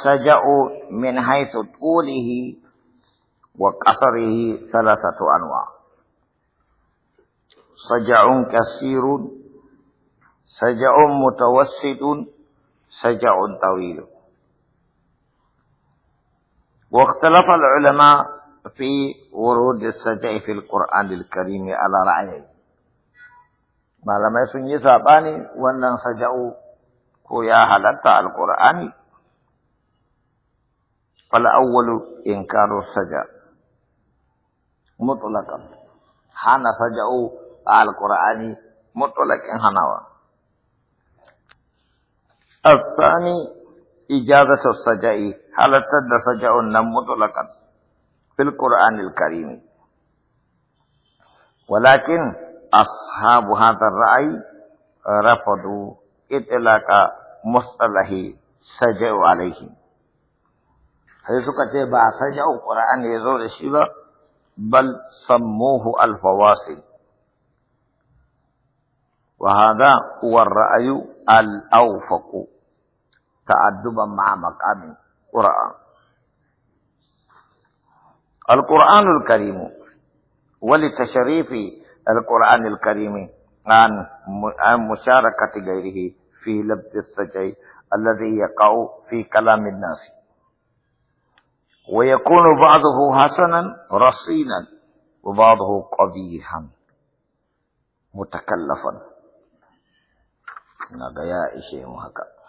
سجأ من حيث طوله وقصره ثلاثة أنواع سجع كثير سجع متوسط سجع طويل واختلف العلماء في ورود السجع في القرآن الكريم على رأيين ما لم يسن يساباني وأن سجعوا كويا هلتا القرآن فالأول إنكار السجع مطلقا حان سجع على القرآن مطلقا حنوا الثاني إجازة السجع حالة تد سجع النم مطلقا في القرآن الكريم ولكن أصحاب هذا الرأي رفضوا إطلاق مصطلح سجع عليهم sai suka ce ba san yau qur'ani ya zo da shi ba bal sammuhu al-fawasil wa hadha huwa ar-ra'yu al-awfaq ta'adduban ma'a maqami qur'an القرآن الكريم ولتشريف القرآن الكريم عن مشاركة غيره في لبس السجي الذي يقع في كلام الناس ويكون بعضه حسنا رصينا وبعضه قبيحا متكلفا نغيا نعم، إشي مهكذا